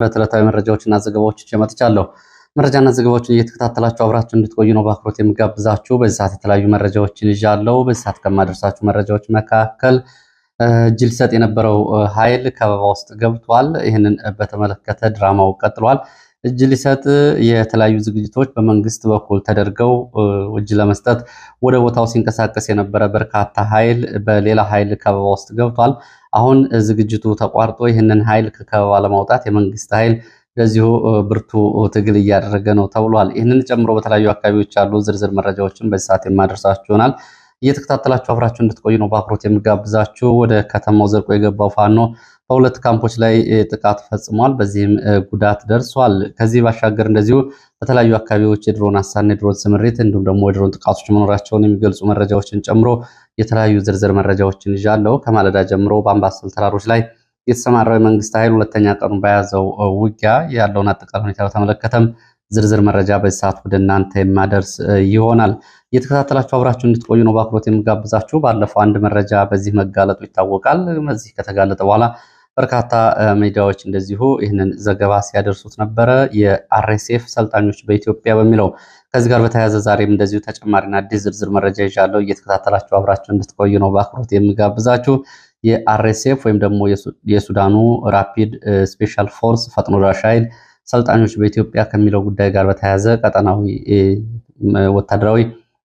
በዕለታዊ መረጃዎችና ዘገባዎች ይዤ መጥቻለሁ። መረጃና ዘገባዎችን እየተከታተላችሁ አብራችሁ እንድትቆዩ ነው በአክብሮት የሚጋብዛችሁ። በዚህ ሰዓት የተለያዩ መረጃዎችን ይዣለሁ። በዚህ ሰዓት ከማደርሳችሁ መረጃዎች መካከል እጅ ሊሰጥ የነበረው ኃይል ከበባ ውስጥ ገብቷል። ይህንን በተመለከተ ድራማው ቀጥሏል። እጅ ሊሰጥ የተለያዩ ዝግጅቶች በመንግስት በኩል ተደርገው እጅ ለመስጠት ወደ ቦታው ሲንቀሳቀስ የነበረ በርካታ ኃይል በሌላ ኃይል ከበባ ውስጥ ገብቷል። አሁን ዝግጅቱ ተቋርጦ ይህንን ኃይል ከከበባ ለማውጣት የመንግስት ኃይል ለዚሁ ብርቱ ትግል እያደረገ ነው ተብሏል። ይህንን ጨምሮ በተለያዩ አካባቢዎች ያሉ ዝርዝር መረጃዎችን በዚህ ሰዓት የማደርሳችሁ ይሆናል። እየተከታተላችሁ አብራችሁ እንድትቆዩ ነው በአክብሮት የሚጋብዛችሁ። ወደ ከተማው ዘርቆ የገባው ፋኖ በሁለት ካምፖች ላይ ጥቃት ፈጽሟል። በዚህም ጉዳት ደርሷል። ከዚህ ባሻገር እንደዚሁ በተለያዩ አካባቢዎች የድሮን አሳና የድሮን ስምሪት እንዲሁም ደግሞ የድሮን ጥቃቶች መኖራቸውን የሚገልጹ መረጃዎችን ጨምሮ የተለያዩ ዝርዝር መረጃዎችን ይዣለሁ። ከማለዳ ጀምሮ በአምባሰል ተራሮች ላይ የተሰማራው የመንግስት ኃይል ሁለተኛ ቀኑ በያዘው ውጊያ ያለውን አጠቃላይ ሁኔታ በተመለከተም ዝርዝር መረጃ በዚህ ሰዓት ወደ እናንተ የማደርስ ይሆናል። እየተከታተላችሁ አብራችሁ እንድትቆዩ ነው በአክብሮት የምጋብዛችሁ። ባለፈው አንድ መረጃ በዚህ መጋለጡ ይታወቃል። በዚህ ከተጋለጠ በኋላ በርካታ ሚዲያዎች እንደዚሁ ይህንን ዘገባ ሲያደርሱት ነበረ። የአርኤስኤፍ ሰልጣኞች በኢትዮጵያ በሚለው ከዚህ ጋር በተያያዘ ዛሬም እንደዚሁ ተጨማሪና አዲስ ዝርዝር መረጃ ይዣለሁ። እየተከታተላችሁ አብራችሁ እንድትቆዩ ነው በአክብሮት የሚጋብዛችሁ። የአርኤስኤፍ ወይም ደግሞ የሱዳኑ ራፒድ ስፔሻል ፎርስ ፈጥኖ ደራሽ ኃይል ሰልጣኞች በኢትዮጵያ ከሚለው ጉዳይ ጋር በተያያዘ ቀጠናዊ ወታደራዊ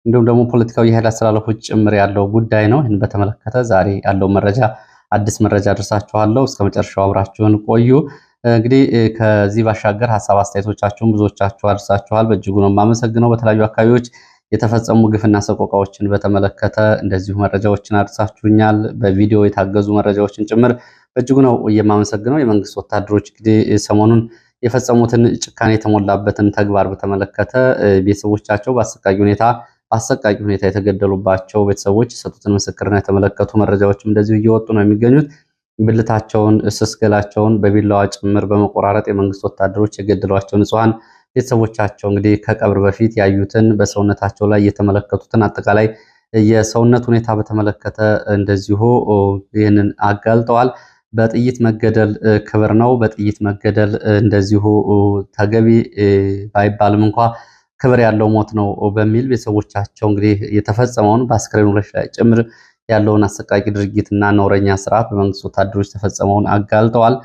እንዲሁም ደግሞ ፖለቲካዊ የኃይል አስተላለፎች ጭምር ያለው ጉዳይ ነው። ይህን በተመለከተ ዛሬ ያለው መረጃ አዲስ መረጃ ደርሳችኋለሁ። እስከ መጨረሻው አብራችሁን ቆዩ። እንግዲህ ከዚህ ባሻገር ሀሳብ አስተያየቶቻችሁን ብዙዎቻችሁ አድርሳችኋል። በእጅጉ ነው የማመሰግነው። በተለያዩ አካባቢዎች የተፈጸሙ ግፍና ሰቆቃዎችን በተመለከተ እንደዚሁ መረጃዎችን አድርሳችሁኛል። በቪዲዮ የታገዙ መረጃዎችን ጭምር በእጅጉ ነው የማመሰግነው። የመንግስት ወታደሮች እንግዲህ ሰሞኑን የፈጸሙትን ጭካኔ የተሞላበትን ተግባር በተመለከተ ቤተሰቦቻቸው በአሰቃቂ ሁኔታ በአሰቃቂ ሁኔታ የተገደሉባቸው ቤተሰቦች የሰጡትን ምስክርና የተመለከቱ መረጃዎችም እንደዚሁ እየወጡ ነው የሚገኙት። ብልታቸውን፣ ስስገላቸውን በቢላዋ ጭምር በመቆራረጥ የመንግስት ወታደሮች የገደሏቸው ንጹሐን ቤተሰቦቻቸው እንግዲህ ከቀብር በፊት ያዩትን በሰውነታቸው ላይ የተመለከቱትን አጠቃላይ የሰውነት ሁኔታ በተመለከተ እንደዚሁ ይህንን አጋልጠዋል። በጥይት መገደል ክብር ነው። በጥይት መገደል እንደዚሁ ተገቢ ባይባልም እንኳ ክብር ያለው ሞት ነው በሚል ቤተሰቦቻቸው እንግዲህ የተፈጸመውን በአስክሬኑ ላይ ጭምር ያለውን አሰቃቂ ድርጊትና ነውረኛ ስርዓት በመንግስት ወታደሮች ተፈጸመውን አጋልጠዋል።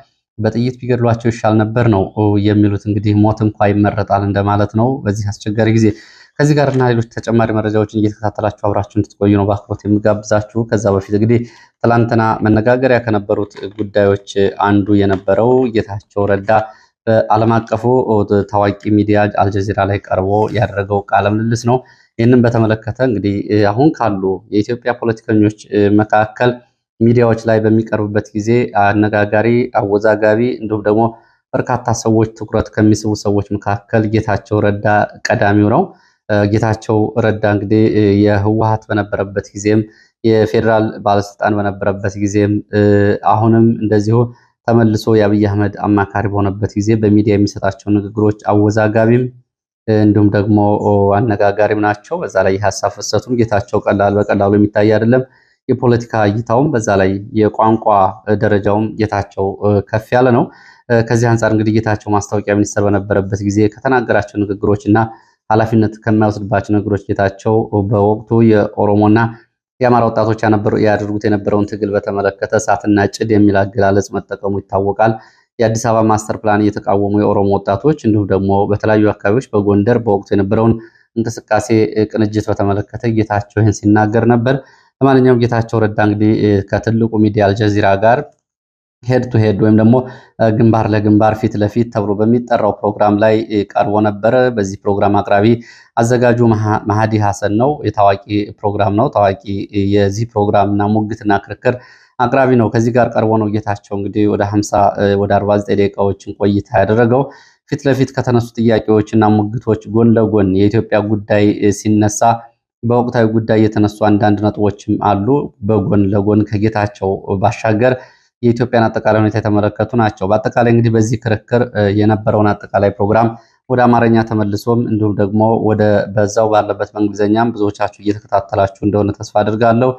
በጥይት ቢገድሏቸው ይሻል ነበር ነው የሚሉት። እንግዲህ ሞት እንኳ ይመረጣል እንደማለት ነው በዚህ አስቸጋሪ ጊዜ። ከዚህ ጋር እና ሌሎች ተጨማሪ መረጃዎችን እየተከታተላችሁ አብራችሁ እንድትቆዩ ነው በአክብሮት የሚጋብዛችሁ። ከዛ በፊት እንግዲህ ትላንትና መነጋገሪያ ከነበሩት ጉዳዮች አንዱ የነበረው ጌታቸው ረዳ በዓለም አቀፉ ታዋቂ ሚዲያ አልጀዚራ ላይ ቀርቦ ያደረገው ቃለ ምልልስ ነው። ይህንን በተመለከተ እንግዲህ አሁን ካሉ የኢትዮጵያ ፖለቲከኞች መካከል ሚዲያዎች ላይ በሚቀርብበት ጊዜ አነጋጋሪ፣ አወዛጋቢ እንዲሁም ደግሞ በርካታ ሰዎች ትኩረት ከሚስቡ ሰዎች መካከል ጌታቸው ረዳ ቀዳሚው ነው። ጌታቸው ረዳ እንግዲህ የህወሀት በነበረበት ጊዜም የፌዴራል ባለስልጣን በነበረበት ጊዜም አሁንም እንደዚሁ ተመልሶ የአብይ አህመድ አማካሪ በሆነበት ጊዜ በሚዲያ የሚሰጣቸው ንግግሮች አወዛጋቢም እንዲሁም ደግሞ አነጋጋሪም ናቸው። በዛ ላይ የሀሳብ ፍሰቱም ጌታቸው ቀላል በቀላሉ የሚታይ አይደለም። የፖለቲካ እይታውም በዛ ላይ የቋንቋ ደረጃውም ጌታቸው ከፍ ያለ ነው። ከዚህ አንጻር እንግዲህ ጌታቸው ማስታወቂያ ሚኒስትር በነበረበት ጊዜ ከተናገራቸው ንግግሮች እና ኃላፊነት ከማይወስድባቸው ንግግሮች ጌታቸው በወቅቱ የኦሮሞና የአማራ ወጣቶች ያደርጉት የነበረውን ትግል በተመለከተ እሳትና ጭድ የሚል አገላለጽ መጠቀሙ ይታወቃል። የአዲስ አበባ ማስተር ፕላን እየተቃወሙ የኦሮሞ ወጣቶች እንዲሁም ደግሞ በተለያዩ አካባቢዎች በጎንደር በወቅቱ የነበረውን እንቅስቃሴ ቅንጅት በተመለከተ ጌታቸው ይህን ሲናገር ነበር። ለማንኛውም ጌታቸው ረዳ እንግዲህ ከትልቁ ሚዲያ አልጀዚራ ጋር ሄድ ቱ ሄድ ወይም ደግሞ ግንባር ለግንባር ፊት ለፊት ተብሎ በሚጠራው ፕሮግራም ላይ ቀርቦ ነበረ። በዚህ ፕሮግራም አቅራቢ አዘጋጁ መሃዲ ሀሰን ነው። የታዋቂ ፕሮግራም ነው። ታዋቂ የዚህ ፕሮግራምና ሙግትና ክርክር አቅራቢ ነው። ከዚህ ጋር ቀርቦ ነው ጌታቸው እንግዲህ ወደ 50 ወደ 49 ደቂቃዎችን ቆይታ ያደረገው። ፊት ለፊት ከተነሱ ጥያቄዎችና ሙግቶች ጎን ለጎን የኢትዮጵያ ጉዳይ ሲነሳ በወቅታዊ ጉዳይ የተነሱ አንዳንድ ነጥቦችም አሉ። በጎን ለጎን ከጌታቸው ባሻገር የኢትዮጵያን አጠቃላይ ሁኔታ የተመለከቱ ናቸው። በአጠቃላይ እንግዲህ በዚህ ክርክር የነበረውን አጠቃላይ ፕሮግራም ወደ አማርኛ ተመልሶም እንዲሁም ደግሞ ወደ በዛው ባለበት በእንግሊዝኛም ብዙዎቻችሁ እየተከታተላችሁ እንደሆነ ተስፋ አድርጋለሁ።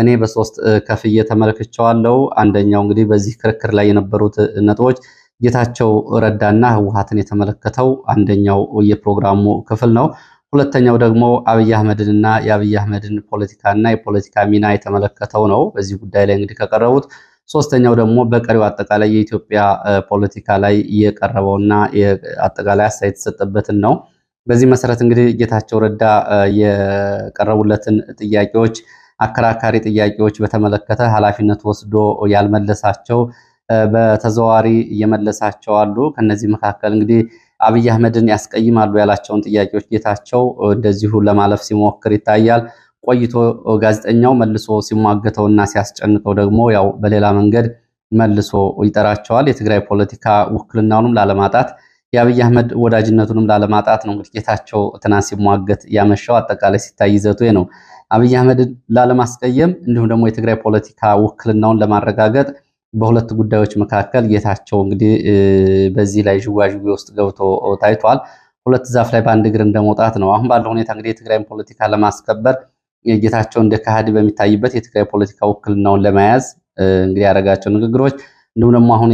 እኔ በሶስት ከፍዬ ተመልክቼዋለሁ። አንደኛው እንግዲህ በዚህ ክርክር ላይ የነበሩት ነጥቦች ጌታቸው ረዳና ህወሓትን የተመለከተው አንደኛው የፕሮግራሙ ክፍል ነው። ሁለተኛው ደግሞ አብይ አህመድንና የአብይ አህመድን ፖለቲካና የፖለቲካ ሚና የተመለከተው ነው። በዚህ ጉዳይ ላይ እንግዲህ ከቀረቡት ሶስተኛው ደግሞ በቀሪው አጠቃላይ የኢትዮጵያ ፖለቲካ ላይ የቀረበውና አጠቃላይ አስተያየት የተሰጠበትን ነው። በዚህ መሰረት እንግዲህ ጌታቸው ረዳ የቀረቡለትን ጥያቄዎች አከራካሪ ጥያቄዎች በተመለከተ ኃላፊነት ወስዶ ያልመለሳቸው በተዘዋዋሪ እየመለሳቸው አሉ። ከነዚህ መካከል እንግዲህ አብይ አህመድን ያስቀይማሉ ያላቸውን ጥያቄዎች ጌታቸው እንደዚሁ ለማለፍ ሲሞክር ይታያል። ቆይቶ ጋዜጠኛው መልሶ ሲሟገተውና ሲያስጨንቀው ደግሞ ያው በሌላ መንገድ መልሶ ይጠራቸዋል። የትግራይ ፖለቲካ ውክልናውንም ላለማጣት የአብይ አህመድ ወዳጅነቱንም ላለማጣት ነው እንግዲህ ጌታቸው ትናንት ሲሟገት ያመሻው። አጠቃላይ ሲታይ ይዘቱ ነው አብይ አህመድን ላለማስቀየም እንዲሁም ደግሞ የትግራይ ፖለቲካ ውክልናውን ለማረጋገጥ በሁለት ጉዳዮች መካከል ጌታቸው እንግዲህ በዚህ ላይ ዥዋዥዌ ውስጥ ገብቶ ታይቷል። ሁለት ዛፍ ላይ በአንድ እግር እንደመውጣት ነው። አሁን ባለው ሁኔታ እንግዲህ የትግራይን ፖለቲካ ለማስከበር ጌታቸው እንደ ካህድ በሚታይበት የትግራይ ፖለቲካ ውክልናውን ለመያዝ እንግዲህ ያደረጋቸው ንግግሮች እንዲሁም ደግሞ አሁን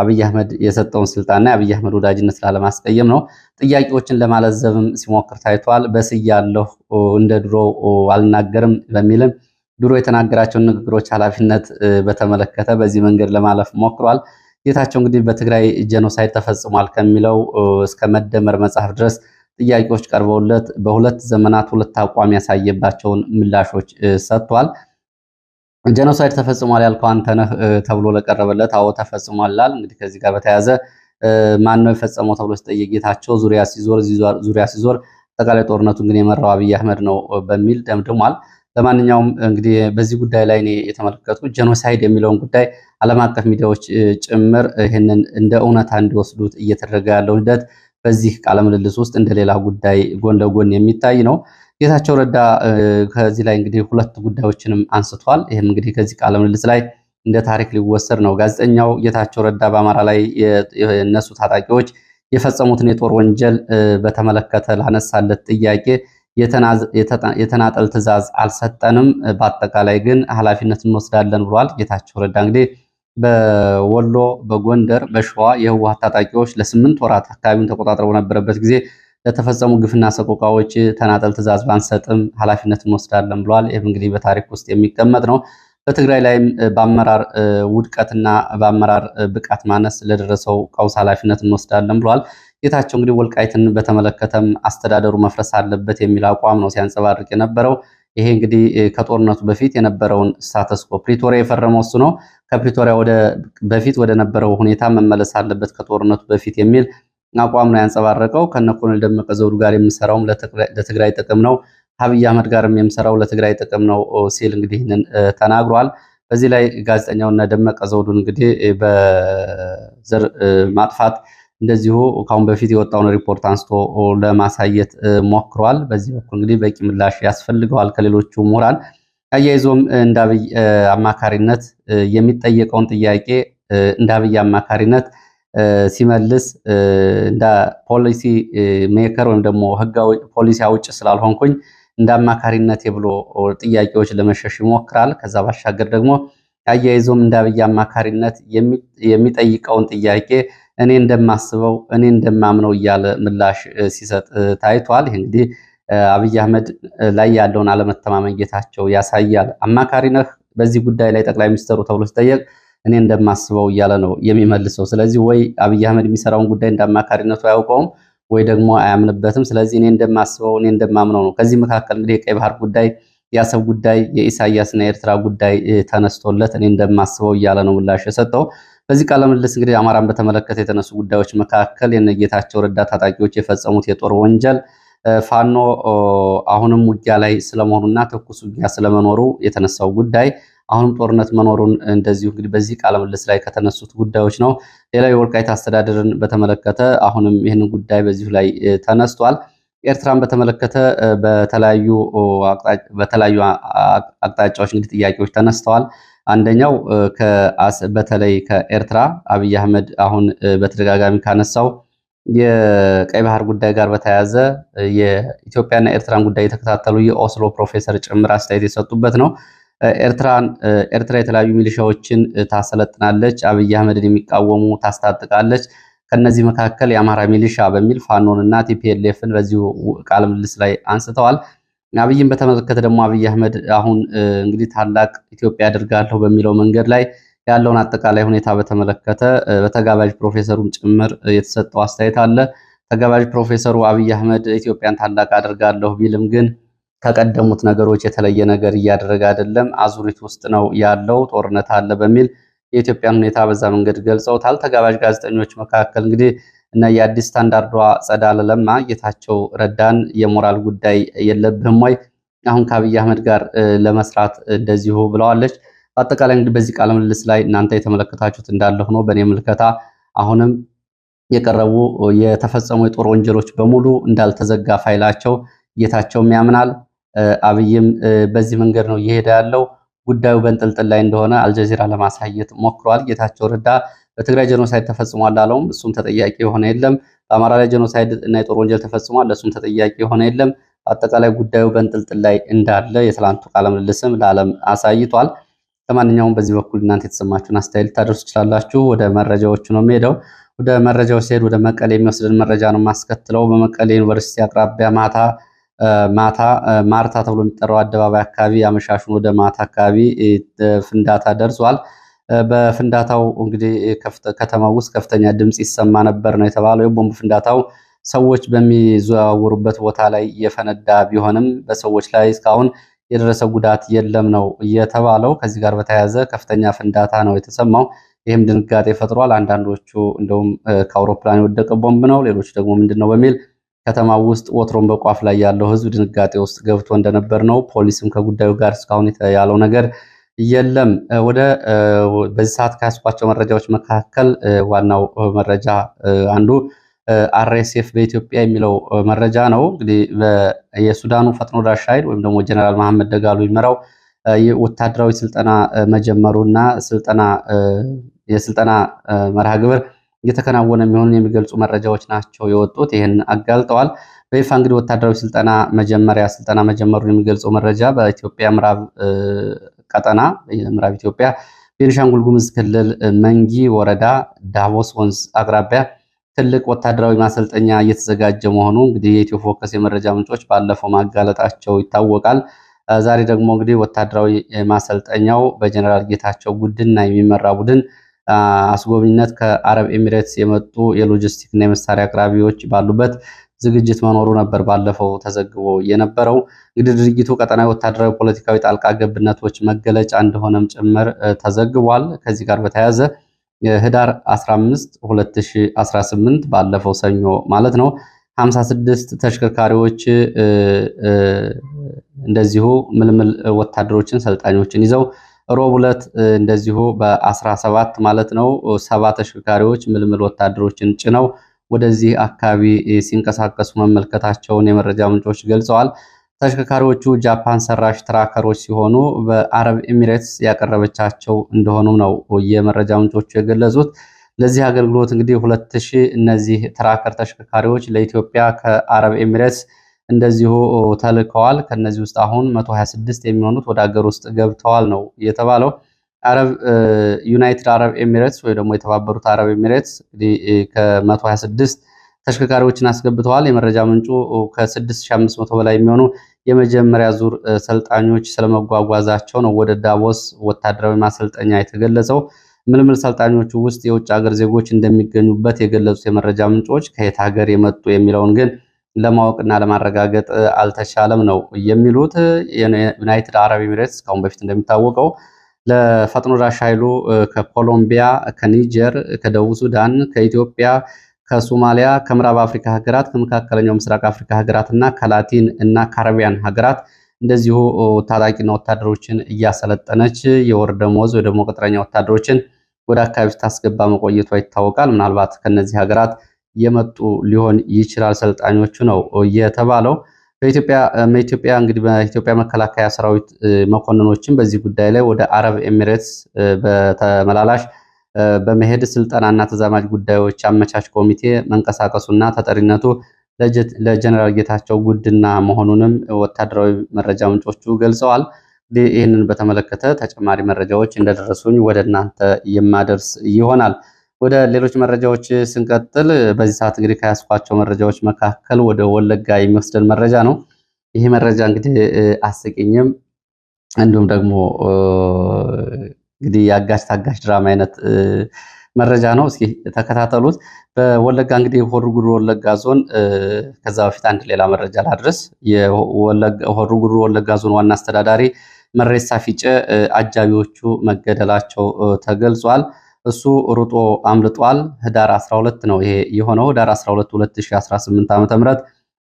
አብይ አህመድ የሰጠውን ስልጣንና የአብይ አህመድ ወዳጅነት ስላለማስቀየም ነው። ጥያቄዎችን ለማለዘብም ሲሞክር ታይቷል። በስያለሁ እንደ ድሮ አልናገርም በሚልም ድሮ የተናገራቸውን ንግግሮች ኃላፊነት በተመለከተ በዚህ መንገድ ለማለፍ ሞክሯል። ጌታቸው እንግዲህ በትግራይ ጄኖሳይድ ተፈጽሟል ከሚለው እስከ መደመር መጽሐፍ ድረስ ጥያቄዎች ቀርበውለት በሁለት ዘመናት ሁለት አቋም ያሳየባቸውን ምላሾች ሰጥቷል። ጀኖሳይድ ተፈጽሟል ያልከው አንተነህ ተብሎ ለቀረበለት አዎ ተፈጽሟል ላል እንግዲህ ከዚህ ጋር በተያያዘ ማን ነው የፈጸመው ተብሎ ሲጠየቅ ጌታቸው ዙሪያ ሲዞር ዙሪያ ሲዞር አጠቃላይ ጦርነቱን ግን የመራው አብይ አህመድ ነው በሚል ደምድሟል። ለማንኛውም እንግዲህ በዚህ ጉዳይ ላይ እኔ የተመለከቱ ጀኖሳይድ የሚለውን ጉዳይ ዓለም አቀፍ ሚዲያዎች ጭምር ይህንን እንደ እውነታ እንዲወስዱት እየተደረገ ያለውን ሂደት በዚህ ቃለ ምልልስ ውስጥ እንደሌላ ጉዳይ ጎን ለጎን የሚታይ ነው። ጌታቸው ረዳ ከዚህ ላይ እንግዲህ ሁለት ጉዳዮችንም አንስቷል። ይህም እንግዲህ ከዚህ ቃለ ምልልስ ላይ እንደ ታሪክ ሊወሰድ ነው። ጋዜጠኛው ጌታቸው ረዳ በአማራ ላይ የነሱ ታጣቂዎች የፈጸሙትን የጦር ወንጀል በተመለከተ ላነሳለት ጥያቄ የተናጠል ትዕዛዝ አልሰጠንም፣ በአጠቃላይ ግን ኃላፊነት እንወስዳለን ብሏል። ጌታቸው ረዳ እንግዲህ በወሎ በጎንደር በሸዋ የህወሓት ታጣቂዎች ለስምንት ወራት አካባቢውን ተቆጣጥረው በነበረበት ጊዜ ለተፈጸሙ ግፍና ሰቆቃዎች ተናጠል ትእዛዝ ባንሰጥም ኃላፊነት እንወስዳለን ብሏል። ይህም እንግዲህ በታሪክ ውስጥ የሚቀመጥ ነው። በትግራይ ላይም በአመራር ውድቀትና በአመራር ብቃት ማነስ ለደረሰው ቀውስ ኃላፊነት እንወስዳለን ብሏል። ጌታቸው እንግዲህ ወልቃይትን በተመለከተም አስተዳደሩ መፍረስ አለበት የሚል አቋም ነው ሲያንጸባርቅ የነበረው። ይሄ እንግዲህ ከጦርነቱ በፊት የነበረውን ስታተስኮ ፕሪቶሪያ የፈረመው እሱ ነው። ከፕሪቶሪያ በፊት ወደ ነበረው ሁኔታ መመለስ አለበት ከጦርነቱ በፊት የሚል አቋም ነው ያንጸባረቀው። ከነ ኮሎኔል ደመቀ ዘውዱ ጋር የምሰራውም ለትግራይ ጥቅም ነው፣ አብይ አህመድ ጋርም የምሰራው ለትግራይ ጥቅም ነው ሲል እንግዲህ ይህንን ተናግሯል። በዚህ ላይ ጋዜጠኛውና ደመቀ ዘውዱ እንግዲህ በዘር ማጥፋት እንደዚሁ ካሁን በፊት የወጣውን ሪፖርት አንስቶ ለማሳየት ሞክሯል። በዚህ በኩል እንግዲህ በቂ ምላሽ ያስፈልገዋል ከሌሎቹ ምሁራን አያይዞም እንደ አብይ አማካሪነት የሚጠየቀውን ጥያቄ እንደ አብይ አማካሪነት ሲመልስ እንደ ፖሊሲ ሜከር ወይም ደግሞ ህጋዊ ፖሊሲ አውጭ ስላልሆንኩኝ እንደ አማካሪነት ብሎ ጥያቄዎች ለመሸሽ ይሞክራል። ከዛ ባሻገር ደግሞ አያይዞም እንደ አብይ አማካሪነት የሚጠይቀውን ጥያቄ እኔ እንደማስበው እኔ እንደማምነው እያለ ምላሽ ሲሰጥ ታይቷል። ይህ እንግዲህ አብይ አህመድ ላይ ያለውን አለመተማመን ጌታቸው ያሳያል። አማካሪ ነህ በዚህ ጉዳይ ላይ ጠቅላይ ሚኒስትሩ ተብሎ ሲጠየቅ እኔ እንደማስበው እያለ ነው የሚመልሰው። ስለዚህ ወይ አብይ አህመድ የሚሰራውን ጉዳይ እንደ አማካሪነቱ አያውቀውም ወይ ደግሞ አያምንበትም። ስለዚህ እኔ እንደማስበው እኔ እንደማምነው ነው። ከዚህ መካከል እንግዲህ የቀይ ባህር ጉዳይ፣ የአሰብ ጉዳይ፣ የኢሳያስና የኤርትራ ጉዳይ ተነስቶለት እኔ እንደማስበው እያለ ነው ምላሽ የሰጠው። በዚህ ቃለ ምልልስ እንግዲህ አማራን በተመለከተ የተነሱ ጉዳዮች መካከል የነጌታቸው ረዳ ታጣቂዎች የፈጸሙት የጦር ወንጀል ፋኖ አሁንም ውጊያ ላይ ስለመሆኑና ትኩስ ውጊያ ስለመኖሩ የተነሳው ጉዳይ አሁንም ጦርነት መኖሩን እንደዚሁ እንግዲህ በዚህ ቃለ ምልልስ ላይ ከተነሱት ጉዳዮች ነው። ሌላው የወልቃይት አስተዳደርን በተመለከተ አሁንም ይህንን ጉዳይ በዚሁ ላይ ተነስቷል። ኤርትራን በተመለከተ በተለያዩ አቅጣጫዎች እንግዲህ ጥያቄዎች ተነስተዋል። አንደኛው በተለይ ከኤርትራ አብይ አህመድ አሁን በተደጋጋሚ ካነሳው የቀይ ባህር ጉዳይ ጋር በተያያዘ የኢትዮጵያና ኤርትራን ጉዳይ የተከታተሉ የኦስሎ ፕሮፌሰር ጭምር አስተያየት የሰጡበት ነው። ኤርትራን ኤርትራ የተለያዩ ሚሊሻዎችን ታሰለጥናለች፣ አብይ አህመድን የሚቃወሙ ታስታጥቃለች። ከነዚህ መካከል የአማራ ሚሊሻ በሚል ፋኖን እና ቲፒኤልኤፍን በዚሁ ቃለ ምልልስ ላይ አንስተዋል። አብይን በተመለከተ ደግሞ አብይ አህመድ አሁን እንግዲህ ታላቅ ኢትዮጵያ አድርጋለሁ በሚለው መንገድ ላይ ያለውን አጠቃላይ ሁኔታ በተመለከተ በተጋባዥ ፕሮፌሰሩም ጭምር የተሰጠው አስተያየት አለ። ተጋባዥ ፕሮፌሰሩ አብይ አህመድ ኢትዮጵያን ታላቅ አድርጋለሁ ቢልም ግን ከቀደሙት ነገሮች የተለየ ነገር እያደረገ አይደለም፣ አዙሪት ውስጥ ነው ያለው፣ ጦርነት አለ በሚል የኢትዮጵያን ሁኔታ በዛ መንገድ ገልጸውታል። ተጋባዥ ጋዜጠኞች መካከል እንግዲህ እና የአዲስ ስታንዳርዷ ጸዳለ ለማ ጌታቸው ረዳን የሞራል ጉዳይ የለብህም ወይ አሁን ከአብይ አህመድ ጋር ለመስራት እንደዚሁ ብለዋለች። በአጠቃላይ እንግዲህ በዚህ ቃለ ምልልስ ላይ እናንተ የተመለከታችሁት እንዳለ ሆኖ በእኔ ምልከታ አሁንም የቀረቡ የተፈጸሙ የጦር ወንጀሎች በሙሉ እንዳልተዘጋ ፋይላቸው ጌታቸውም ያምናል። አብይም በዚህ መንገድ ነው እየሄደ ያለው። ጉዳዩ በንጥልጥል ላይ እንደሆነ አልጀዚራ ለማሳየት ሞክሯል። ጌታቸው ረዳ በትግራይ ጀኖሳይድ ተፈጽሟል አለውም፣ እሱም ተጠያቂ የሆነ የለም። በአማራ ላይ ጀኖሳይድ እና የጦር ወንጀል ተፈጽሟል፣ እሱም ተጠያቂ የሆነ የለም። በአጠቃላይ ጉዳዩ በንጥልጥል ላይ እንዳለ የትላንቱ ቃለምልልስም ምልልስም ለዓለም አሳይቷል። ለማንኛውም በዚህ በኩል እናንተ የተሰማችሁን አስተያየት ልታደርሱ ትችላላችሁ። ወደ መረጃዎቹ ነው የሚሄደው። ወደ መረጃዎች ሲሄድ ወደ መቀሌ የሚወስደን መረጃ ነው የማስከትለው። በመቀሌ ዩኒቨርሲቲ አቅራቢያ ማታ ማታ ማርታ ተብሎ የሚጠራው አደባባይ አካባቢ አመሻሹን ወደ ማታ አካባቢ ፍንዳታ ደርሷል። በፍንዳታው እንግዲህ ከተማ ውስጥ ከፍተኛ ድምፅ ይሰማ ነበር ነው የተባለው። የቦምብ ፍንዳታው ሰዎች በሚዘዋወሩበት ቦታ ላይ የፈነዳ ቢሆንም በሰዎች ላይ እስካሁን የደረሰ ጉዳት የለም ነው የተባለው። ከዚህ ጋር በተያያዘ ከፍተኛ ፍንዳታ ነው የተሰማው። ይህም ድንጋጤ ፈጥሯል። አንዳንዶቹ እንደውም ከአውሮፕላን የወደቀ ቦምብ ነው፣ ሌሎች ደግሞ ምንድን ነው በሚል ከተማው ውስጥ ወትሮም በቋፍ ላይ ያለው ህዝብ ድንጋጤ ውስጥ ገብቶ እንደነበር ነው። ፖሊስም ከጉዳዩ ጋር እስካሁን ያለው ነገር የለም። ወደ በዚህ ሰዓት ከያስኳቸው መረጃዎች መካከል ዋናው መረጃ አንዱ አርኤስኤፍ በኢትዮጵያ የሚለው መረጃ ነው። እንግዲህ የሱዳኑ ፈጥኖ ደራሽ ኃይል ወይም ደግሞ ጀነራል መሐመድ ደጋሎ ይመራው ወታደራዊ ስልጠና መጀመሩና እና የስልጠና መርሃ ግብር እየተከናወነ የሚሆኑን የሚገልጹ መረጃዎች ናቸው የወጡት። ይህን አጋልጠዋል። በይፋ እንግዲህ ወታደራዊ ስልጠና መጀመሪያ ስልጠና መጀመሩን የሚገልጸው መረጃ በኢትዮጵያ ምዕራብ ቀጠና ምዕራብ ኢትዮጵያ ቤንሻንጉል ጉሙዝ ክልል መንጊ ወረዳ ዳቦስ ወንዝ አቅራቢያ ትልቅ ወታደራዊ ማሰልጠኛ እየተዘጋጀ መሆኑ እንግዲህ የኢትዮ ፎከስ የመረጃ ምንጮች ባለፈው ማጋለጣቸው ይታወቃል። ዛሬ ደግሞ እንግዲህ ወታደራዊ ማሰልጠኛው በጀነራል ጌታቸው ጉድና የሚመራ ቡድን አስጎብኝነት ከአረብ ኤሚሬትስ የመጡ የሎጂስቲክ እና የመሳሪያ አቅራቢዎች ባሉበት ዝግጅት መኖሩ ነበር ባለፈው ተዘግቦ የነበረው። እንግዲህ ድርጊቱ ቀጠናዊ ወታደራዊ፣ ፖለቲካዊ ጣልቃ ገብነቶች መገለጫ እንደሆነም ጭምር ተዘግቧል። ከዚህ ጋር በተያያዘ ህዳር 15 2018 ባለፈው ሰኞ ማለት ነው 56 ተሽከርካሪዎች እንደዚሁ ምልምል ወታደሮችን ሰልጣኞችን ይዘው ሮብ ዕለት እንደዚሁ በ17 ማለት ነው ሰባ ተሽከርካሪዎች ምልምል ወታደሮችን ጭነው ወደዚህ አካባቢ ሲንቀሳቀሱ መመልከታቸውን የመረጃ ምንጮች ገልጸዋል። ተሽከርካሪዎቹ ጃፓን ሰራሽ ትራከሮች ሲሆኑ በአረብ ኤሚሬትስ ያቀረበቻቸው እንደሆኑ ነው የመረጃ ምንጮቹ የገለጹት። ለዚህ አገልግሎት እንግዲህ ሁለት ሺህ እነዚህ ትራከር ተሽከርካሪዎች ለኢትዮጵያ ከአረብ ኤሚሬትስ እንደዚሁ ተልከዋል። ከነዚህ ውስጥ አሁን 126 የሚሆኑት ወደ ሀገር ውስጥ ገብተዋል ነው የተባለው። አረብ ዩናይትድ አረብ ኤሚሬትስ ወይ ደግሞ የተባበሩት አረብ ኤሚሬትስ ከ126 ተሽከርካሪዎችን አስገብተዋል። የመረጃ ምንጩ ከ6500 በላይ የሚሆኑ የመጀመሪያ ዙር ሰልጣኞች ስለመጓጓዛቸው ነው ወደ ዳቦስ ወታደራዊ ማሰልጠኛ የተገለጸው። ምልምል ሰልጣኞቹ ውስጥ የውጭ ሀገር ዜጎች እንደሚገኙበት የገለጹት የመረጃ ምንጮች ከየት ሀገር የመጡ የሚለውን ግን ለማወቅና ለማረጋገጥ አልተቻለም ነው የሚሉት። ዩናይትድ አረብ ኤሚሬትስ ካሁን በፊት እንደሚታወቀው ለፈጥኖ ደራሽ ኃይሉ ከኮሎምቢያ፣ ከኒጀር፣ ከደቡብ ሱዳን፣ ከኢትዮጵያ ከሶማሊያ፣ ከምዕራብ አፍሪካ ሀገራት፣ ከመካከለኛው ምስራቅ አፍሪካ ሀገራት እና ከላቲን እና ካረቢያን ሀገራት እንደዚሁ ታጣቂና ወታደሮችን እያሰለጠነች የወር ደመወዝ ወይ ደግሞ ቅጥረኛ ወታደሮችን ወደ አካባቢ ስታስገባ መቆየቷ ይታወቃል። ምናልባት ከነዚህ ሀገራት የመጡ ሊሆን ይችላል ሰልጣኞቹ ነው የተባለው። በኢትዮጵያ እንግዲህ በኢትዮጵያ መከላከያ ሰራዊት መኮንኖችን በዚህ ጉዳይ ላይ ወደ አረብ ኤሚሬትስ በተመላላሽ በመሄድ ስልጠናና ተዛማጅ ጉዳዮች አመቻች ኮሚቴ መንቀሳቀሱና ተጠሪነቱ ለጀነራል ጌታቸው ጉድና መሆኑንም ወታደራዊ መረጃ ምንጮቹ ገልጸዋል። ይህንን በተመለከተ ተጨማሪ መረጃዎች እንደደረሱኝ ወደ እናንተ የማደርስ ይሆናል። ወደ ሌሎች መረጃዎች ስንቀጥል በዚህ ሰዓት እንግዲህ ከያስኳቸው መረጃዎች መካከል ወደ ወለጋ የሚወስደን መረጃ ነው። ይህ መረጃ እንግዲህ አስቂኝም እንዲሁም ደግሞ እንግዲህ የአጋሽ ታጋሽ ድራማ አይነት መረጃ ነው። እስኪ ተከታተሉት። በወለጋ እንግዲህ ሆሮ ጉዱሩ ወለጋ ዞን ከዛ በፊት አንድ ሌላ መረጃ ላድረስ። የሆሮ ጉዱሩ ወለጋ ዞን ዋና አስተዳዳሪ መሬሳ ፊጨ አጃቢዎቹ መገደላቸው ተገልጿል። እሱ ሩጦ አምልጧል። ህዳር 12 ነው ይሄ የሆነው። ህዳር 12 2018 ዓ.ም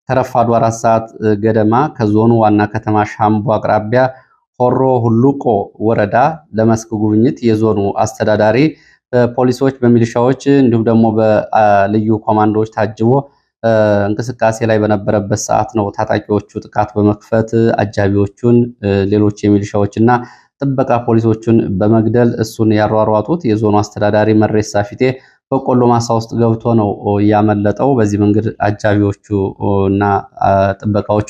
ተረፋዱ አራት ሰዓት ገደማ ከዞኑ ዋና ከተማ ሻምቦ አቅራቢያ ሆሮ ሁሉቆ ወረዳ ለመስክ ጉብኝት የዞኑ አስተዳዳሪ በፖሊሶች በሚሊሻዎች እንዲሁም ደግሞ በልዩ ኮማንዶዎች ታጅቦ እንቅስቃሴ ላይ በነበረበት ሰዓት ነው ታጣቂዎቹ ጥቃት በመክፈት አጃቢዎቹን፣ ሌሎች የሚሊሻዎች እና ጥበቃ ፖሊሶቹን በመግደል እሱን ያሯሯጡት። የዞኑ አስተዳዳሪ መሬሳ ፊቴ በቆሎ ማሳ ውስጥ ገብቶ ነው ያመለጠው። በዚህ መንገድ አጃቢዎቹ እና ጥበቃዎቹ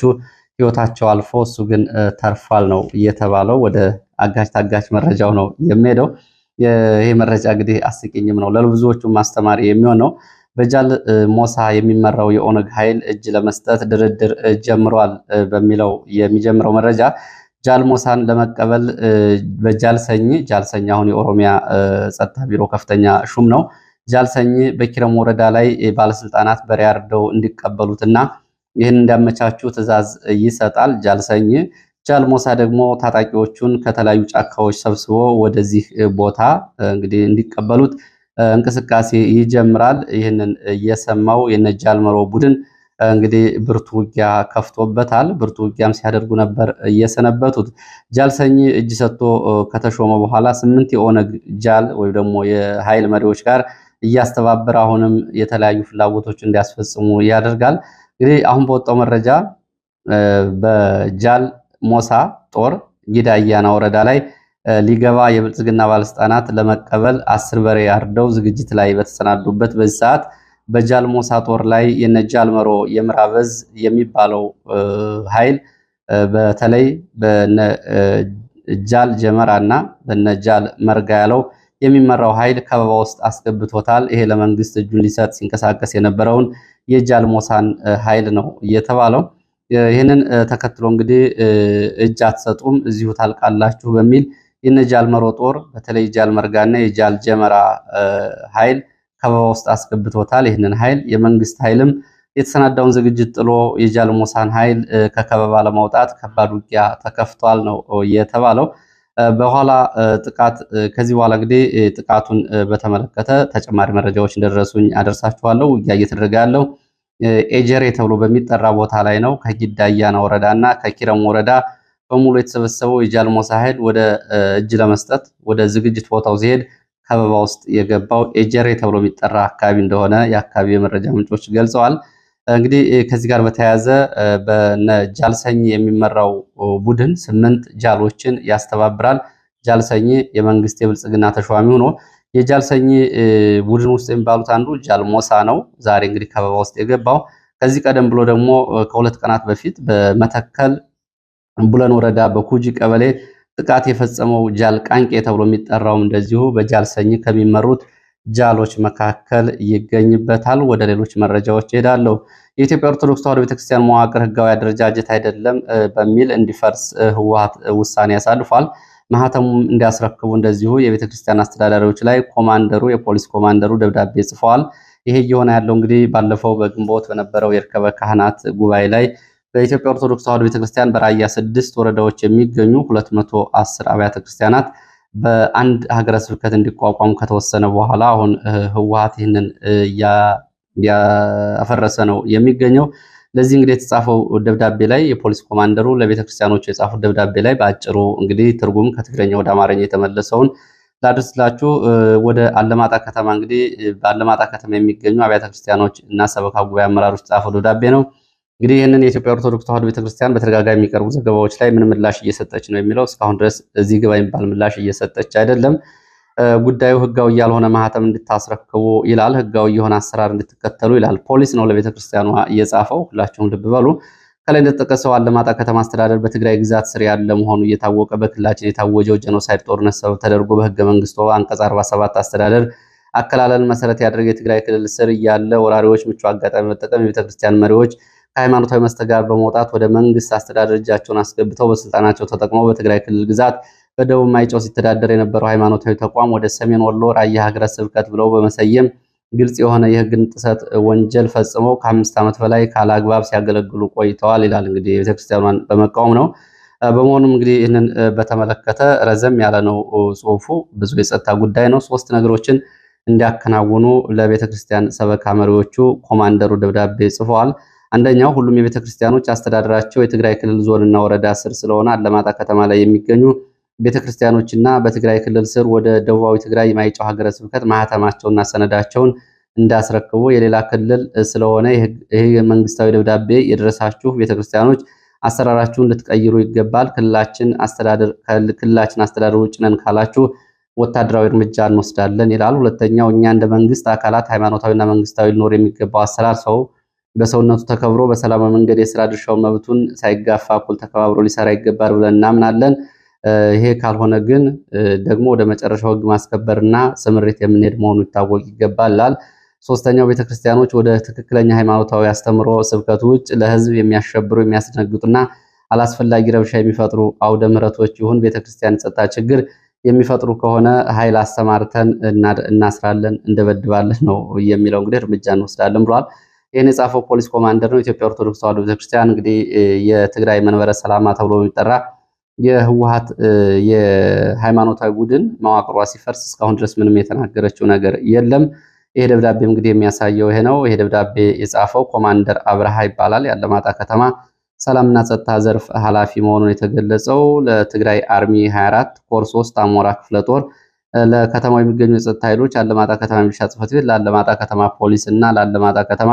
ህይወታቸው አልፎ እሱ ግን ተርፏል ነው እየተባለው። ወደ አጋች ታጋች መረጃው ነው የሚሄደው። ይሄ መረጃ እንግዲህ አስቂኝም ነው፣ ለብዙዎቹ ማስተማሪ የሚሆን ነው። በጃል ሞሳ የሚመራው የኦነግ ኃይል እጅ ለመስጠት ድርድር ጀምሯል በሚለው የሚጀምረው መረጃ ጃል ሞሳን ለመቀበል በጃልሰኝ ጃልሰኝ አሁን የኦሮሚያ ጸጥታ ቢሮ ከፍተኛ ሹም ነው። ጃልሰኝ በኪረም ወረዳ ላይ ባለስልጣናት በሪያርደው እንዲቀበሉትና ይህን እንዲያመቻቹ ትዕዛዝ ይሰጣል። ጃልሰኝ ጃልሞሳ ደግሞ ታጣቂዎቹን ከተለያዩ ጫካዎች ሰብስቦ ወደዚህ ቦታ እንግዲህ እንዲቀበሉት እንቅስቃሴ ይጀምራል። ይህንን እየሰማው የነጃልመሮ ቡድን እንግዲህ ብርቱ ውጊያ ከፍቶበታል። ብርቱ ውጊያም ሲያደርጉ ነበር እየሰነበቱት። ጃልሰኝ እጅ ሰጥቶ ከተሾመ በኋላ ስምንት የኦነግ ጃል ወይም ደግሞ የኃይል መሪዎች ጋር እያስተባበረ አሁንም የተለያዩ ፍላጎቶች እንዲያስፈጽሙ ያደርጋል። እንግዲህ አሁን በወጣው መረጃ በጃል ሞሳ ጦር ጊዳ አያና ወረዳ ላይ ሊገባ የብልጽግና ባለስልጣናት ለመቀበል አስር በሬ አርደው ዝግጅት ላይ በተሰናዱበት በዚህ ሰዓት በጃል ሞሳ ጦር ላይ የነጃል መሮ የምራበዝ የሚባለው ኃይል በተለይ በጃል ጀመራ እና በነጃል መርጋ ያለው የሚመራው ኃይል ከበባ ውስጥ አስገብቶታል። ይሄ ለመንግስት እጁን ሊሰጥ ሲንቀሳቀስ የነበረውን የጃልሞሳን ኃይል ነው የተባለው። ይህንን ተከትሎ እንግዲህ እጅ አትሰጡም እዚሁ ታልቃላችሁ በሚል ይህን ጃልመሮ ጦር በተለይ ጃልመርጋና የጃል ጀመራ ኃይል ከበባ ውስጥ አስገብቶታል። ይህንን ኃይል የመንግስት ኃይልም የተሰናዳውን ዝግጅት ጥሎ የጃልሞሳን ኃይል ከከበባ ለማውጣት ከባድ ውጊያ ተከፍቷል ነው የተባለው። በኋላ ጥቃት ከዚህ በኋላ እንግዲህ ጥቃቱን በተመለከተ ተጨማሪ መረጃዎች እንደደረሱኝ አደርሳችኋለሁ። ውጊያ እየተደረገ ያለው ኤጀሬ ተብሎ በሚጠራ ቦታ ላይ ነው። ከጊዳያና ወረዳ እና ከኪረም ወረዳ በሙሉ የተሰበሰበው የጃልሞሳ ኃይል ወደ እጅ ለመስጠት ወደ ዝግጅት ቦታው ሲሄድ ከበባ ውስጥ የገባው ኤጀሬ ተብሎ የሚጠራ አካባቢ እንደሆነ የአካባቢ የመረጃ ምንጮች ገልጸዋል። እንግዲህ ከዚህ ጋር በተያያዘ በነ ጃልሰኝ የሚመራው ቡድን ስምንት ጃሎችን ያስተባብራል። ጃልሰኝ የመንግስት የብልጽግና ተሿሚ ሆኖ የጃልሰኝ ቡድን ውስጥ የሚባሉት አንዱ ጃልሞሳ ነው። ዛሬ እንግዲህ ከበባ ውስጥ የገባው ከዚህ ቀደም ብሎ ደግሞ ከሁለት ቀናት በፊት በመተከል ቡለን ወረዳ በኩጂ ቀበሌ ጥቃት የፈጸመው ጃል ቃንቄ ተብሎ የሚጠራውም እንደዚሁ በጃልሰኝ ከሚመሩት ጃሎች መካከል ይገኝበታል። ወደ ሌሎች መረጃዎች ይሄዳለሁ የኢትዮጵያ ኦርቶዶክስ ተዋሕዶ ቤተክርስቲያን መዋቅር ህጋዊ አደረጃጀት አይደለም በሚል እንዲፈርስ ህወሓት ውሳኔ ያሳልፏል። ማህተሙም እንዲያስረክቡ እንደዚሁ የቤተክርስቲያን አስተዳዳሪዎች ላይ ኮማንደሩ የፖሊስ ኮማንደሩ ደብዳቤ ጽፈዋል። ይሄ እየሆነ ያለው እንግዲህ ባለፈው በግንቦት በነበረው የእርከበ ካህናት ጉባኤ ላይ በኢትዮጵያ ኦርቶዶክስ ተዋሕዶ ቤተክርስቲያን በራያ ስድስት ወረዳዎች የሚገኙ 210 አብያተ ክርስቲያናት በአንድ ሀገረ ስብከት እንዲቋቋም ከተወሰነ በኋላ አሁን ህወሀት ይህንን ያፈረሰ ነው የሚገኘው። ለዚህ እንግዲህ የተጻፈው ደብዳቤ ላይ የፖሊስ ኮማንደሩ ለቤተክርስቲያኖቹ የጻፉት ደብዳቤ ላይ በአጭሩ እንግዲህ ትርጉም ከትግረኛ ወደ አማርኛ የተመለሰውን ላድርስላችሁ። ወደ አለማጣ ከተማ እንግዲህ በአለማጣ ከተማ የሚገኙ አብያተ ክርስቲያኖች እና ሰበካ ጉባኤ አመራሮች የጻፈው ደብዳቤ ነው። እንግዲህ ይህንን የኢትዮጵያ ኦርቶዶክስ ተዋህዶ ቤተክርስቲያን በተደጋጋሚ የሚቀርቡ ዘገባዎች ላይ ምን ምላሽ እየሰጠች ነው የሚለው እስካሁን ድረስ እዚህ ግባ የሚባል ምላሽ እየሰጠች አይደለም። ጉዳዩ ህጋዊ ያልሆነ ማህተም እንድታስረክቡ ይላል። ህጋዊ የሆነ አሰራር እንድትከተሉ ይላል። ፖሊስ ነው ለቤተክርስቲያኗ እየጻፈው። ሁላችሁም ልብ በሉ። ከላይ እንደተጠቀሰው አለማጣ ከተማ አስተዳደር በትግራይ ግዛት ስር ያለ መሆኑ እየታወቀ በክልላችን የታወጀው ጀኖሳይድ ጦርነት ሰበብ ተደርጎ በህገ መንግስቱ አንቀጽ 47 አስተዳደር አከላለል መሰረት ያደረገ የትግራይ ክልል ስር እያለ ወራሪዎች ምቹ አጋጣሚ መጠቀም የቤተክርስቲያን መሪዎች ከሃይማኖታዊ መስተጋብር በመውጣት ወደ መንግስት አስተዳደር እጃቸውን አስገብተው በስልጣናቸው ተጠቅመው በትግራይ ክልል ግዛት በደቡብ ማይጨው ሲተዳደር የነበረው ሃይማኖታዊ ተቋም ወደ ሰሜን ወሎ ራያ ሀገረ ስብከት ብለው በመሰየም ግልጽ የሆነ የህግን ጥሰት ወንጀል ፈጽመው ከአምስት ዓመት በላይ ካለአግባብ ሲያገለግሉ ቆይተዋል ይላል። እንግዲህ ቤተክርስቲያኗን በመቃወም ነው። በመሆኑም እንግዲህ ይህንን በተመለከተ ረዘም ያለ ነው ጽሁፉ። ብዙ የጸጥታ ጉዳይ ነው። ሶስት ነገሮችን እንዲያከናውኑ ለቤተክርስቲያን ሰበካ መሪዎቹ ኮማንደሩ ደብዳቤ ጽፈዋል። አንደኛው ሁሉም የቤተ ክርስቲያኖች አስተዳደራቸው የትግራይ ክልል ዞንና ወረዳ ስር ስለሆነ አለማጣ ከተማ ላይ የሚገኙ ቤተ ክርስቲያኖችና በትግራይ ክልል ስር ወደ ደቡባዊ ትግራይ የማይጨው ሀገረ ስብከት ማህተማቸውና ሰነዳቸውን እንዳስረክቡ የሌላ ክልል ስለሆነ ይህ መንግስታዊ ደብዳቤ የደረሳችሁ ቤተ ክርስቲያኖች አሰራራችሁን ልትቀይሩ ይገባል። ክልላችን አስተዳደር ውጭ ነን ካላችሁ ወታደራዊ እርምጃ እንወስዳለን ይላል። ሁለተኛው እኛ እንደ መንግስት አካላት ሃይማኖታዊና መንግስታዊ ሊኖር የሚገባው አሰራር ሰው በሰውነቱ ተከብሮ በሰላማዊ መንገድ የስራ ድርሻው መብቱን ሳይጋፋ እኩል ተከባብሮ ሊሰራ ይገባል ብለን እናምናለን። ይሄ ካልሆነ ግን ደግሞ ወደ መጨረሻው ህግ ማስከበርና ስምሪት የምንሄድ መሆኑ ይታወቅ ይገባላል። ሶስተኛው ቤተክርስቲያኖች ወደ ትክክለኛ ሃይማኖታዊ አስተምሮ ስብከት ውጭ ለህዝብ የሚያሸብሩ የሚያስደነግጡና አላስፈላጊ ረብሻ የሚፈጥሩ አውደ ምረቶች ይሁን ቤተክርስቲያን ጸጥታ ችግር የሚፈጥሩ ከሆነ ኃይል አሰማርተን እናስራለን፣ እንደበድባለን ነው የሚለው እንግዲህ እርምጃ እንወስዳለን ብሏል። ይህን የጻፈው ፖሊስ ኮማንደር ነው። ኢትዮጵያ ኦርቶዶክስ ተዋሕዶ ቤተክርስቲያን እንግዲህ የትግራይ መንበረ ሰላማ ተብሎ የሚጠራ የህወሀት የሃይማኖታዊ ቡድን መዋቅሯ ሲፈርስ እስካሁን ድረስ ምንም የተናገረችው ነገር የለም። ይሄ ደብዳቤ እንግዲህ የሚያሳየው ይሄ ነው። ይሄ ደብዳቤ የጻፈው ኮማንደር አብርሃ ይባላል። የአለማጣ ከተማ ሰላምና ጸጥታ ዘርፍ ኃላፊ መሆኑን የተገለጸው ለትግራይ አርሚ 24 ኮር 3 አሞራ ክፍለ ጦር ለከተማው የሚገኙ የጸጥታ ኃይሎች አለማጣ ከተማ ሚሊሻ ጽሕፈት ቤት ለአለማጣ ከተማ ፖሊስ እና ለአለማጣ ከተማ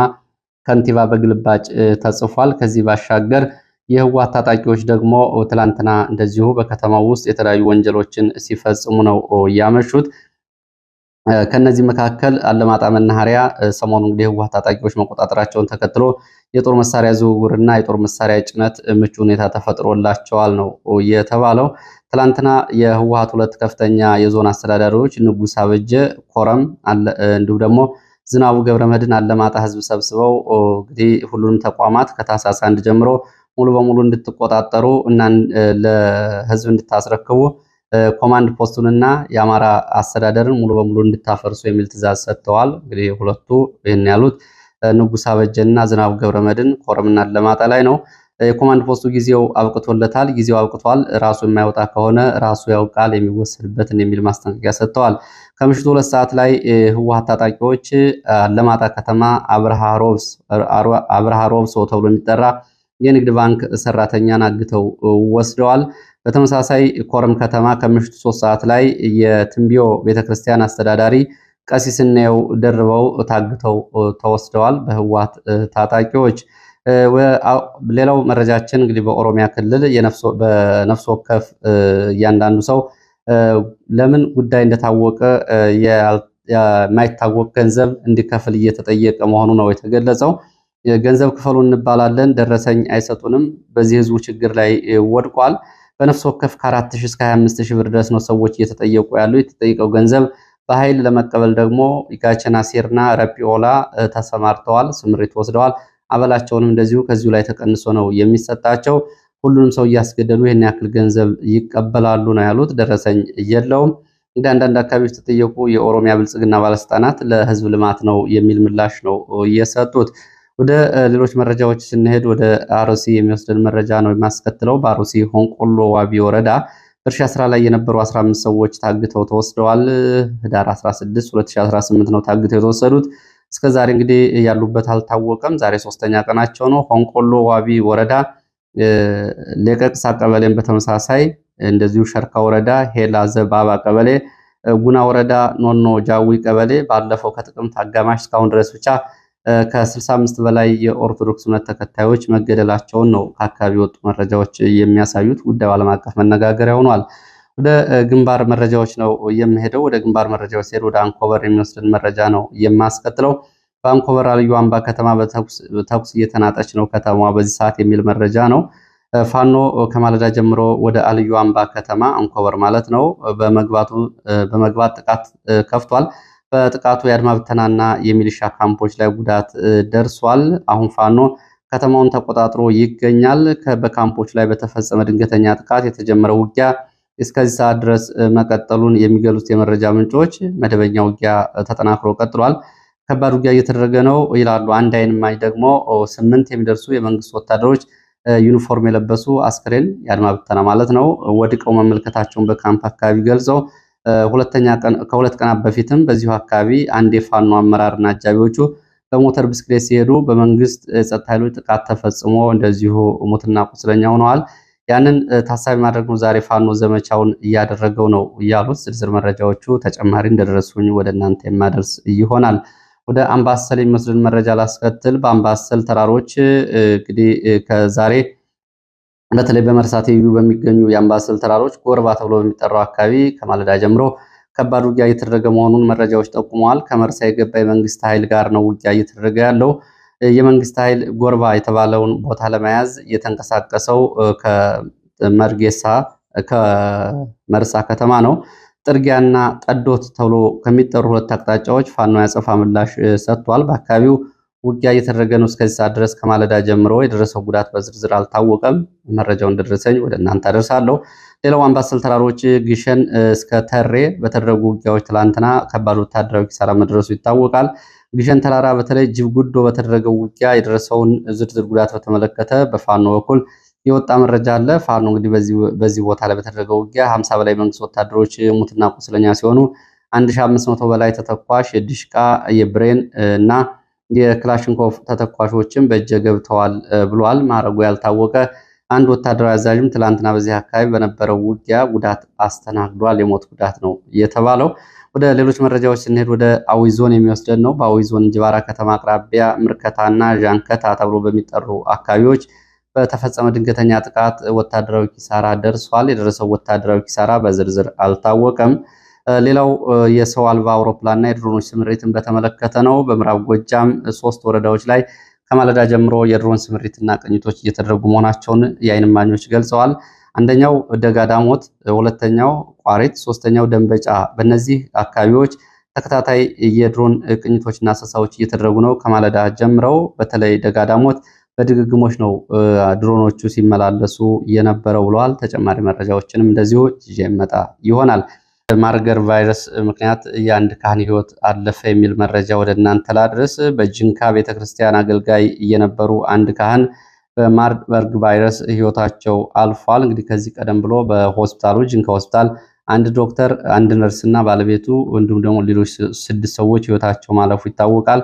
ከንቲባ በግልባጭ ተጽፏል። ከዚህ ባሻገር የህወሓት ታጣቂዎች ደግሞ ትላንትና እንደዚሁ በከተማው ውስጥ የተለያዩ ወንጀሎችን ሲፈጽሙ ነው ያመሹት። ከነዚህ መካከል አለማጣ መናኸሪያ ሰሞኑ እንግዲህ የህወሓት ታጣቂዎች መቆጣጠራቸውን ተከትሎ የጦር መሳሪያ ዝውውርና የጦር መሳሪያ ጭነት ምቹ ሁኔታ ተፈጥሮላቸዋል ነው የተባለው። ትላንትና የህወሓት ሁለት ከፍተኛ የዞን አስተዳዳሪዎች ንጉስ አበጀ ኮረም እንዲሁም ደግሞ ዝናቡ መድን አለማጣ ህዝብ ሰብስበው እንግዲህ ሁሉንም ተቋማት ከታህሳስ አንድ ጀምሮ ሙሉ በሙሉ እንድትቆጣጠሩ እና ለህዝብ እንድታስረክቡ ኮማንድ ፖስቱንና የአማራ አስተዳደርን ሙሉ በሙሉ እንድታፈርሱ የሚል ትእዛዝ ሰጥተዋል። እንግዲህ ሁለቱ ይህን ያሉት ንጉስ አበጀንና ዝናቡ ገብረመድን ኮረምና አለማጣ ላይ ነው። የኮማንድ ፖስቱ ጊዜው አብቅቶለታል፣ ጊዜው አብቅቷል፣ ራሱ የማይወጣ ከሆነ ራሱ ያውቃል የሚወሰድበትን የሚል ማስጠንቀቂያ ሰጥተዋል። ከምሽቱ ሁለት ሰዓት ላይ ህወሓት ታጣቂዎች አለማጣ ከተማ አብርሃ ሮብሶ ተብሎ የሚጠራ የንግድ ባንክ ሰራተኛን አግተው ወስደዋል። በተመሳሳይ ኮረም ከተማ ከምሽቱ ሶስት ሰዓት ላይ የትንቢዮ ቤተክርስቲያን አስተዳዳሪ ቀሲስናየው ደርበው ታግተው ተወስደዋል በህወሓት ታጣቂዎች። ሌላው መረጃችን እንግዲህ በኦሮሚያ ክልል በነፍስ ወከፍ እያንዳንዱ ሰው ለምን ጉዳይ እንደታወቀ የማይታወቅ ገንዘብ እንዲከፍል እየተጠየቀ መሆኑ ነው የተገለጸው። ገንዘብ ክፈሉ እንባላለን፣ ደረሰኝ አይሰጡንም። በዚህ ህዝቡ ችግር ላይ ወድቋል። በነፍስ ወከፍ ከ ሺህ እስከ 25 ብር ድረስ ነው ሰዎች እየተጠየቁ ያሉ። የተጠየቀው ገንዘብ በኃይል ለመቀበል ደግሞ ጋቸና፣ ሴርና፣ ረጲዮላ ተሰማርተዋል፣ ስምሪት ወስደዋል። አበላቸውንም እንደዚሁ ከዚሁ ላይ ተቀንሶ ነው የሚሰጣቸው። ሁሉንም ሰው እያስገደሉ ይህን ያክል ገንዘብ ይቀበላሉ ነው ያሉት። ደረሰኝ የለውም። እንደ አንዳንድ አካባቢዎች ተጠየቁ። የኦሮሚያ ብልጽግና ባለስልጣናት ለህዝብ ልማት ነው የሚል ምላሽ ነው እየሰጡት። ወደ ሌሎች መረጃዎች ስንሄድ ወደ አሮሲ የሚወስድን መረጃ ነው የማስከትለው። በአሮሲ ሆንቆሎ ዋቢ ወረዳ በእርሻ ስራ ላይ የነበሩ 15 ሰዎች ታግተው ተወስደዋል። ህዳር 16 2018 ነው ታግተው የተወሰዱት። እስከዛሬ እንግዲህ ያሉበት አልታወቀም። ዛሬ ሶስተኛ ቀናቸው ነው። ሆንቆሎ ዋቢ ወረዳ ሌቀቅሳ ቀበሌን በተመሳሳይ እንደዚሁ ሸርካ ወረዳ ሄላ ዘባባ ቀበሌ፣ ጉና ወረዳ ኖኖ ጃዊ ቀበሌ ባለፈው ከጥቅምት አጋማሽ እስካሁን ድረስ ብቻ ከ65 በላይ የኦርቶዶክስ እምነት ተከታዮች መገደላቸውን ነው ከአካባቢ የወጡ መረጃዎች የሚያሳዩት። ጉዳዩ ዓለም አቀፍ መነጋገሪያ ሆኗል። ወደ ግንባር መረጃዎች ነው የምሄደው። ወደ ግንባር መረጃዎች ሲሄድ ወደ አንኮበር የሚወስድን መረጃ ነው የማስቀጥለው። በአንኮበር አልዩ አምባ ከተማ በተኩስ እየተናጠች ነው ከተማዋ በዚህ ሰዓት የሚል መረጃ ነው። ፋኖ ከማለዳ ጀምሮ ወደ አልዩ አምባ ከተማ አንኮበር ማለት ነው በመግባት ጥቃት ከፍቷል። በጥቃቱ የአድማ ብተናና የሚሊሻ ካምፖች ላይ ጉዳት ደርሷል። አሁን ፋኖ ከተማውን ተቆጣጥሮ ይገኛል። በካምፖች ላይ በተፈጸመ ድንገተኛ ጥቃት የተጀመረው ውጊያ እስከዚህ ሰዓት ድረስ መቀጠሉን የሚገልጹት የመረጃ ምንጮች መደበኛ ውጊያ ተጠናክሮ ቀጥሏል፣ ከባድ ውጊያ እየተደረገ ነው ይላሉ። አንድ አይን እማኝ ደግሞ ስምንት የሚደርሱ የመንግስት ወታደሮች ዩኒፎርም የለበሱ አስክሬን የአድማ ብተና ማለት ነው ወድቀው መመልከታቸውን በካምፕ አካባቢ ገልጸው ሁለተኛ ቀን ከሁለት ቀናት በፊትም በዚሁ አካባቢ አንድ የፋኖ አመራርና አጃቢዎቹ በሞተር ብስክሌት ሲሄዱ በመንግስት ጸጥታ ኃይሎች ጥቃት ተፈጽሞ እንደዚሁ ሙትና ቁስለኛ ሆነዋል። ያንን ታሳቢ ማድረግ ነው። ዛሬ ፋኖ ዘመቻውን እያደረገው ነው እያሉት ዝርዝር መረጃዎቹ ተጨማሪ እንደደረሱኝ ወደ እናንተ የማደርስ ይሆናል። ወደ አምባሰል የሚወስድን መረጃ ላስከትል። በአምባሰል ተራሮች እንግዲህ ከዛሬ በተለይ በመርሳት ዩ በሚገኙ የአምባሰል ተራሮች ጎርባ ተብሎ በሚጠራው አካባቢ ከማለዳ ጀምሮ ከባድ ውጊያ እየተደረገ መሆኑን መረጃዎች ጠቁመዋል። ከመርሳ የገባ የመንግስት ኃይል ጋር ነው ውጊያ እየተደረገ ያለው። የመንግስት ኃይል ጎርባ የተባለውን ቦታ ለመያዝ የተንቀሳቀሰው ከመርጌሳ ከመርሳ ከተማ ነው። ጥርጊያና ጠዶት ተብሎ ከሚጠሩ ሁለት አቅጣጫዎች ፋኖ ያጸፋ ምላሽ ሰጥቷል። በአካባቢው ውጊያ እየተደረገ ነው። እስከዚህ ሰዓት ድረስ ከማለዳ ጀምሮ የደረሰው ጉዳት በዝርዝር አልታወቀም። መረጃው እንደደረሰኝ ወደ እናንተ አደርሳለሁ። ሌላው አምባሰል ተራሮች ግሸን እስከ ተሬ በተደረጉ ውጊያዎች ትላንትና ከባድ ወታደራዊ ኪሳራ መድረሱ ይታወቃል። ግሸን ተራራ በተለይ ጅብ ጉዶ በተደረገው ውጊያ የደረሰውን ዝርዝር ጉዳት በተመለከተ በፋኖ በኩል የወጣ መረጃ አለ። ፋኖ እንግዲህ በዚህ ቦታ ላይ በተደረገው ውጊያ ሀምሳ በላይ መንግስት ወታደሮች ሙትና ቁስለኛ ሲሆኑ አንድ አምስት መቶ በላይ ተተኳሽ የድሽቃ የብሬን እና የክላሽንኮቭ ተተኳሾችም በእጀ ገብተዋል ብሏል። ማዕረጉ ያልታወቀ አንድ ወታደራዊ አዛዥም ትላንትና በዚህ አካባቢ በነበረው ውጊያ ጉዳት አስተናግዷል። የሞት ጉዳት ነው የተባለው። ወደ ሌሎች መረጃዎች ስንሄድ ወደ አዊ ዞን የሚወስደን ነው። በአዊ ዞን እንጅባራ ከተማ አቅራቢያ ምርከታና ዣንከታ ተብሎ በሚጠሩ አካባቢዎች በተፈጸመ ድንገተኛ ጥቃት ወታደራዊ ኪሳራ ደርሷል። የደረሰው ወታደራዊ ኪሳራ በዝርዝር አልታወቀም። ሌላው የሰው አልባ አውሮፕላንና የድሮኖች ስምሪትን በተመለከተ ነው። በምዕራብ ጎጃም ሶስት ወረዳዎች ላይ ከማለዳ ጀምሮ የድሮን ስምሪትና ቅኝቶች እየተደረጉ መሆናቸውን የአይን እማኞች ገልጸዋል። አንደኛው ደጋዳሞት፣ ሁለተኛው ቋሪት፣ ሶስተኛው ደንበጫ። በእነዚህ አካባቢዎች ተከታታይ የድሮን ቅኝቶችና አሰሳዎች እየተደረጉ ነው። ከማለዳ ጀምረው በተለይ ደጋዳሞት በድግግሞች ነው ድሮኖቹ ሲመላለሱ የነበረው ብለዋል። ተጨማሪ መረጃዎችንም እንደዚሁ ይዤ ይሆናል። ማርገር ቫይረስ ምክንያት የአንድ ካህን ሕይወት አለፈ የሚል መረጃ ወደ እናንተ ላድረስ። በጅንካ ቤተክርስቲያን አገልጋይ እየነበሩ አንድ ካህን በማርበርግ ቫይረስ ህይወታቸው አልፏል። እንግዲህ ከዚህ ቀደም ብሎ በሆስፒታሉ ጅንካ ሆስፒታል አንድ ዶክተር፣ አንድ ነርስና ባለቤቱ እንዲሁም ደግሞ ሌሎች ስድስት ሰዎች ህይወታቸው ማለፉ ይታወቃል።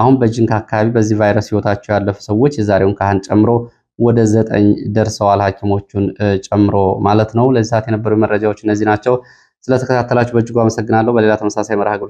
አሁን በጅንካ አካባቢ በዚህ ቫይረስ ህይወታቸው ያለፉ ሰዎች የዛሬውን ካህን ጨምሮ ወደ ዘጠኝ ደርሰዋል፣ ሐኪሞቹን ጨምሮ ማለት ነው። ለዚህ ሰዓት የነበሩ መረጃዎች እነዚህ ናቸው። ስለተከታተላችሁ በእጅጉ አመሰግናለሁ። በሌላ ተመሳሳይ መርሃ ግብር